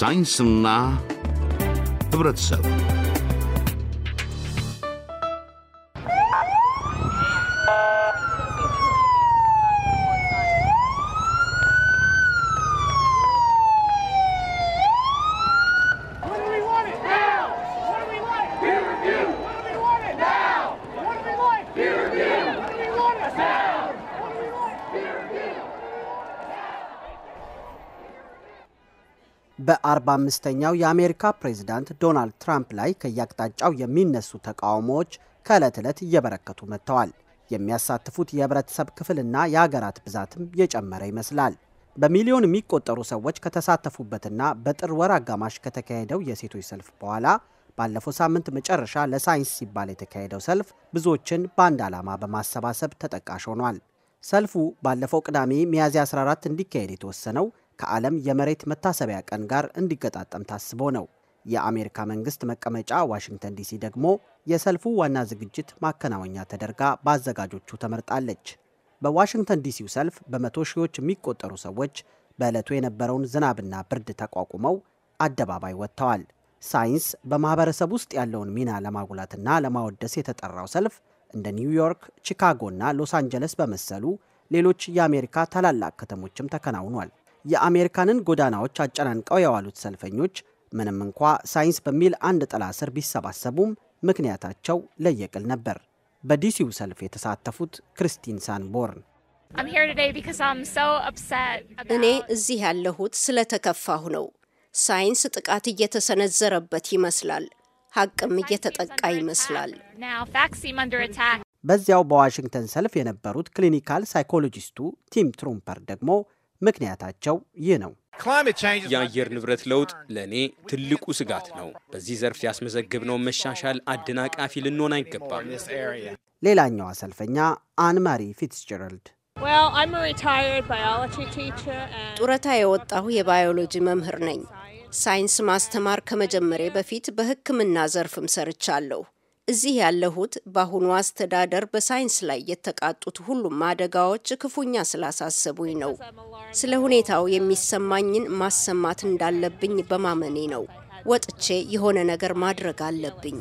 ሳይንስና ህብረተሰብ በ45ኛው የአሜሪካ ፕሬዝዳንት ዶናልድ ትራምፕ ላይ ከየአቅጣጫው የሚነሱ ተቃውሞዎች ከዕለት ዕለት እየበረከቱ መጥተዋል። የሚያሳትፉት የህብረተሰብ ክፍልና የአገራት ብዛትም የጨመረ ይመስላል። በሚሊዮን የሚቆጠሩ ሰዎች ከተሳተፉበትና በጥር ወር አጋማሽ ከተካሄደው የሴቶች ሰልፍ በኋላ ባለፈው ሳምንት መጨረሻ ለሳይንስ ሲባል የተካሄደው ሰልፍ ብዙዎችን በአንድ ዓላማ በማሰባሰብ ተጠቃሽ ሆኗል። ሰልፉ ባለፈው ቅዳሜ ሚያዝያ 14 እንዲካሄድ የተወሰነው ከዓለም የመሬት መታሰቢያ ቀን ጋር እንዲገጣጠም ታስቦ ነው። የአሜሪካ መንግስት መቀመጫ ዋሽንግተን ዲሲ ደግሞ የሰልፉ ዋና ዝግጅት ማከናወኛ ተደርጋ በአዘጋጆቹ ተመርጣለች። በዋሽንግተን ዲሲው ሰልፍ በመቶ ሺዎች የሚቆጠሩ ሰዎች በዕለቱ የነበረውን ዝናብና ብርድ ተቋቁመው አደባባይ ወጥተዋል። ሳይንስ በማህበረሰብ ውስጥ ያለውን ሚና ለማጉላትና ለማወደስ የተጠራው ሰልፍ እንደ ኒውዮርክ፣ ቺካጎና ሎስ አንጀለስ በመሰሉ ሌሎች የአሜሪካ ታላላቅ ከተሞችም ተከናውኗል። የአሜሪካንን ጎዳናዎች አጨናንቀው የዋሉት ሰልፈኞች ምንም እንኳ ሳይንስ በሚል አንድ ጥላ ስር ቢሰባሰቡም ምክንያታቸው ለየቅል ነበር። በዲሲው ሰልፍ የተሳተፉት ክርስቲን ሳንቦርን እኔ እዚህ ያለሁት ስለተከፋሁ ነው። ሳይንስ ጥቃት እየተሰነዘረበት ይመስላል፣ ሀቅም እየተጠቃ ይመስላል። በዚያው በዋሽንግተን ሰልፍ የነበሩት ክሊኒካል ሳይኮሎጂስቱ ቲም ትሩምፐር ደግሞ ምክንያታቸው ይህ ነው። የአየር ንብረት ለውጥ ለእኔ ትልቁ ስጋት ነው። በዚህ ዘርፍ ያስመዘግብነው መሻሻል አደናቃፊ ልንሆን አይገባም። ሌላኛዋ ሰልፈኛ አንማሪ ፊትስጀራልድ ጡረታ የወጣሁ የባዮሎጂ መምህር ነኝ። ሳይንስ ማስተማር ከመጀመሬ በፊት በሕክምና ዘርፍም ሰርቻለሁ። እዚህ ያለሁት በአሁኑ አስተዳደር በሳይንስ ላይ የተቃጡት ሁሉም አደጋዎች ክፉኛ ስላሳሰቡኝ ነው። ስለ ሁኔታው የሚሰማኝን ማሰማት እንዳለብኝ በማመኔ ነው። ወጥቼ የሆነ ነገር ማድረግ አለብኝ።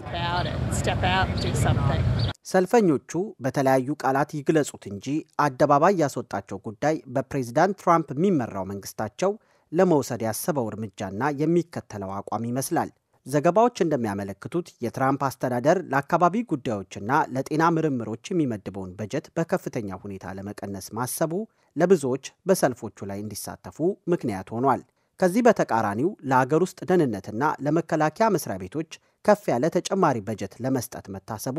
ሰልፈኞቹ በተለያዩ ቃላት ይግለጹት እንጂ አደባባይ ያስወጣቸው ጉዳይ በፕሬዚዳንት ትራምፕ የሚመራው መንግስታቸው ለመውሰድ ያሰበው እርምጃና የሚከተለው አቋም ይመስላል። ዘገባዎች እንደሚያመለክቱት የትራምፕ አስተዳደር ለአካባቢ ጉዳዮችና ለጤና ምርምሮች የሚመድበውን በጀት በከፍተኛ ሁኔታ ለመቀነስ ማሰቡ ለብዙዎች በሰልፎቹ ላይ እንዲሳተፉ ምክንያት ሆኗል። ከዚህ በተቃራኒው ለአገር ውስጥ ደህንነትና ለመከላከያ መስሪያ ቤቶች ከፍ ያለ ተጨማሪ በጀት ለመስጠት መታሰቡ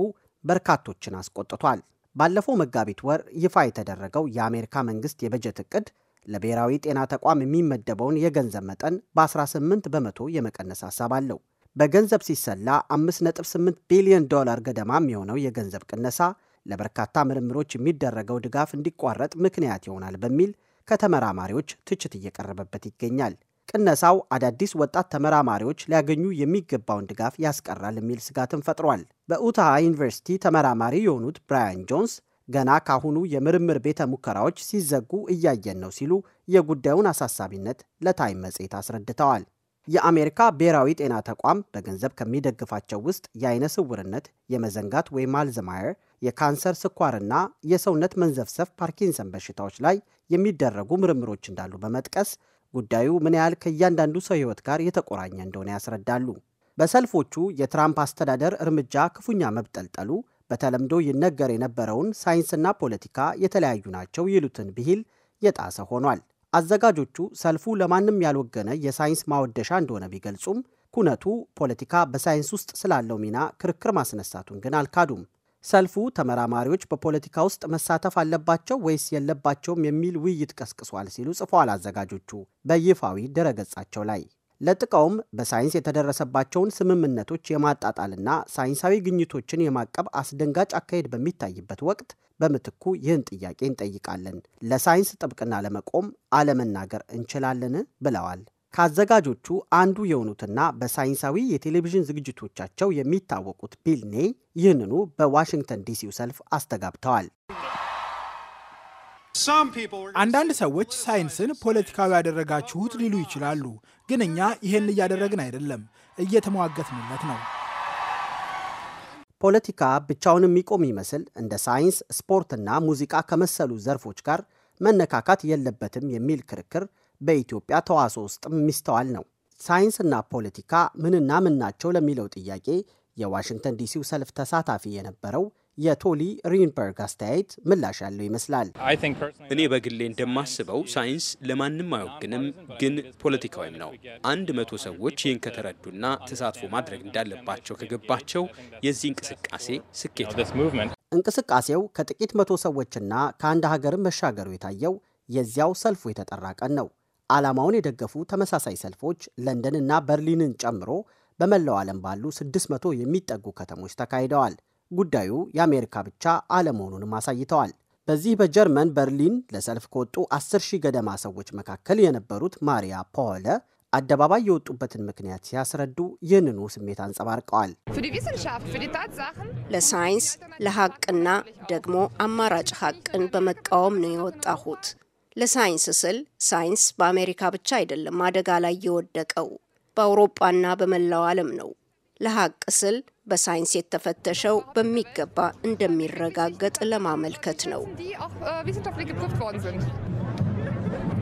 በርካቶችን አስቆጥቷል። ባለፈው መጋቢት ወር ይፋ የተደረገው የአሜሪካ መንግስት የበጀት እቅድ ለብሔራዊ ጤና ተቋም የሚመደበውን የገንዘብ መጠን በ18 በመቶ የመቀነስ ሀሳብ አለው። በገንዘብ ሲሰላ 5.8 ቢሊዮን ዶላር ገደማ የሚሆነው የገንዘብ ቅነሳ ለበርካታ ምርምሮች የሚደረገው ድጋፍ እንዲቋረጥ ምክንያት ይሆናል በሚል ከተመራማሪዎች ትችት እየቀረበበት ይገኛል። ቅነሳው አዳዲስ ወጣት ተመራማሪዎች ሊያገኙ የሚገባውን ድጋፍ ያስቀራል የሚል ስጋትን ፈጥሯል። በኡታሃ ዩኒቨርሲቲ ተመራማሪ የሆኑት ብራያን ጆንስ ገና ካሁኑ የምርምር ቤተ ሙከራዎች ሲዘጉ እያየን ነው ሲሉ የጉዳዩን አሳሳቢነት ለታይም መጽሔት አስረድተዋል። የአሜሪካ ብሔራዊ ጤና ተቋም በገንዘብ ከሚደግፋቸው ውስጥ የአይነ ስውርነት፣ የመዘንጋት ወይም አልዘማየር፣ የካንሰር፣ ስኳርና የሰውነት መንዘፍሰፍ ፓርኪንሰን በሽታዎች ላይ የሚደረጉ ምርምሮች እንዳሉ በመጥቀስ ጉዳዩ ምን ያህል ከእያንዳንዱ ሰው ሕይወት ጋር የተቆራኘ እንደሆነ ያስረዳሉ። በሰልፎቹ የትራምፕ አስተዳደር እርምጃ ክፉኛ መብጠልጠሉ በተለምዶ ይነገር የነበረውን ሳይንስና ፖለቲካ የተለያዩ ናቸው ይሉትን ብሂል የጣሰ ሆኗል። አዘጋጆቹ ሰልፉ ለማንም ያልወገነ የሳይንስ ማወደሻ እንደሆነ ቢገልጹም ኩነቱ ፖለቲካ በሳይንስ ውስጥ ስላለው ሚና ክርክር ማስነሳቱን ግን አልካዱም። ሰልፉ ተመራማሪዎች በፖለቲካ ውስጥ መሳተፍ አለባቸው ወይስ የለባቸውም የሚል ውይይት ቀስቅሷል ሲሉ ጽፈዋል አዘጋጆቹ በይፋዊ ድረገጻቸው ላይ። ለጥቃውም በሳይንስ የተደረሰባቸውን ስምምነቶች የማጣጣልና ሳይንሳዊ ግኝቶችን የማቀብ አስደንጋጭ አካሄድ በሚታይበት ወቅት በምትኩ ይህን ጥያቄ እንጠይቃለን፣ ለሳይንስ ጥብቅና ለመቆም አለመናገር እንችላለን ብለዋል። ከአዘጋጆቹ አንዱ የሆኑትና በሳይንሳዊ የቴሌቪዥን ዝግጅቶቻቸው የሚታወቁት ቢል ኔይ ይህንኑ በዋሽንግተን ዲሲው ሰልፍ አስተጋብተዋል። አንዳንድ ሰዎች ሳይንስን ፖለቲካዊ ያደረጋችሁት ሊሉ ይችላሉ። ግን እኛ ይህን እያደረግን አይደለም፣ እየተሟገትንለት ነው። ፖለቲካ ብቻውን የሚቆም ይመስል እንደ ሳይንስ፣ ስፖርትና ሙዚቃ ከመሰሉ ዘርፎች ጋር መነካካት የለበትም የሚል ክርክር በኢትዮጵያ ተዋሶ ውስጥም የሚስተዋል ነው። ሳይንስና ፖለቲካ ምንና ምን ናቸው ለሚለው ጥያቄ የዋሽንግተን ዲሲው ሰልፍ ተሳታፊ የነበረው የቶሊ ሪንበርግ አስተያየት ምላሽ ያለው ይመስላል። እኔ በግሌ እንደማስበው ሳይንስ ለማንም አይወግንም፣ ግን ፖለቲካዊም ነው። አንድ መቶ ሰዎች ይህን ከተረዱና ተሳትፎ ማድረግ እንዳለባቸው ከገባቸው የዚህ እንቅስቃሴ ስኬት ነው። እንቅስቃሴው ከጥቂት መቶ ሰዎችና ከአንድ ሀገርም መሻገሩ የታየው የዚያው ሰልፉ የተጠራ ቀን ነው። ዓላማውን የደገፉ ተመሳሳይ ሰልፎች ለንደንና በርሊንን ጨምሮ በመላው ዓለም ባሉ 600 የሚጠጉ ከተሞች ተካሂደዋል። ጉዳዩ የአሜሪካ ብቻ አለመሆኑንም አሳይተዋል። በዚህ በጀርመን በርሊን ለሰልፍ ከወጡ 10 ሺህ ገደማ ሰዎች መካከል የነበሩት ማሪያ ፖለ አደባባይ የወጡበትን ምክንያት ሲያስረዱ ይህንኑ ስሜት አንጸባርቀዋል። ለሳይንስ ለሀቅና ደግሞ አማራጭ ሀቅን በመቃወም ነው የወጣሁት። ለሳይንስ ስል ሳይንስ በአሜሪካ ብቻ አይደለም አደጋ ላይ የወደቀው፣ በአውሮጳና በመላው ዓለም ነው። ለሀቅ ስል በሳይንስ የተፈተሸው በሚገባ እንደሚረጋገጥ ለማመልከት ነው።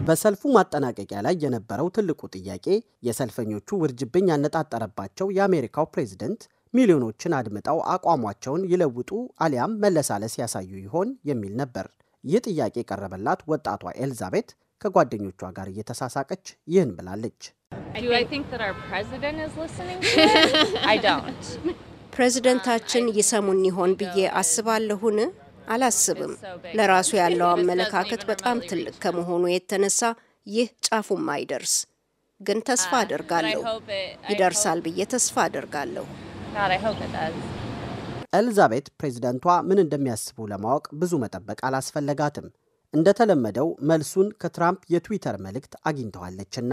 በሰልፉ ማጠናቀቂያ ላይ የነበረው ትልቁ ጥያቄ የሰልፈኞቹ ውርጅብኝ ያነጣጠረባቸው የአሜሪካው ፕሬዝደንት ሚሊዮኖችን አድምጠው አቋሟቸውን ይለውጡ አሊያም መለሳለስ ያሳዩ ይሆን የሚል ነበር። ይህ ጥያቄ የቀረበላት ወጣቷ ኤልዛቤት ከጓደኞቿ ጋር እየተሳሳቀች ይህን ብላለች። ፕሬዝደንታችን ይሰሙን ይሆን ብዬ አስባለሁን? አላስብም። ለራሱ ያለው አመለካከት በጣም ትልቅ ከመሆኑ የተነሳ ይህ ጫፉም አይደርስ፣ ግን ተስፋ አደርጋለሁ ይደርሳል ብዬ ተስፋ አደርጋለሁ። ኤልዛቤት ፕሬዝደንቷ ምን እንደሚያስቡ ለማወቅ ብዙ መጠበቅ አላስፈለጋትም። እንደተለመደው መልሱን ከትራምፕ የትዊተር መልእክት አግኝተዋለችና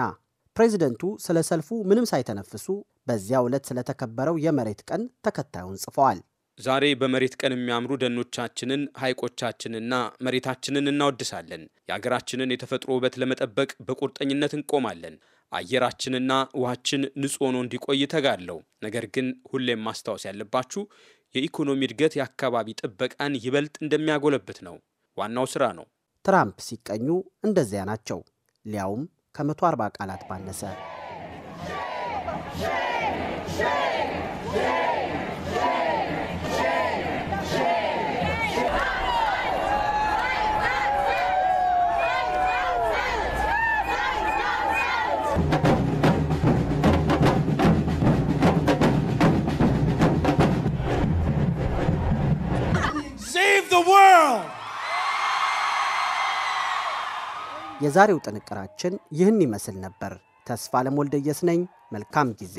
ፕሬዝደንቱ ስለ ሰልፉ ምንም ሳይተነፍሱ በዚያ ዕለት ስለተከበረው የመሬት ቀን ተከታዩን ጽፈዋል። ዛሬ በመሬት ቀን የሚያምሩ ደኖቻችንን፣ ሐይቆቻችንና መሬታችንን እናወድሳለን። የአገራችንን የተፈጥሮ ውበት ለመጠበቅ በቁርጠኝነት እንቆማለን። አየራችንና ውሃችን ንጹህ ሆኖ እንዲቆይ ተጋለው። ነገር ግን ሁሌም ማስታወስ ያለባችሁ የኢኮኖሚ እድገት የአካባቢ ጥበቃን ይበልጥ እንደሚያጎለብት ነው። ዋናው ስራ ነው። ትራምፕ ሲቀኙ እንደዚያ ናቸው፣ ሊያውም ከ140 ቃላት ባነሰ። save the world! የዛሬው ጥንቅራችን ይህን ይመስል ነበር። ተስፋ ለሞልደየስ ነኝ። መልካም ጊዜ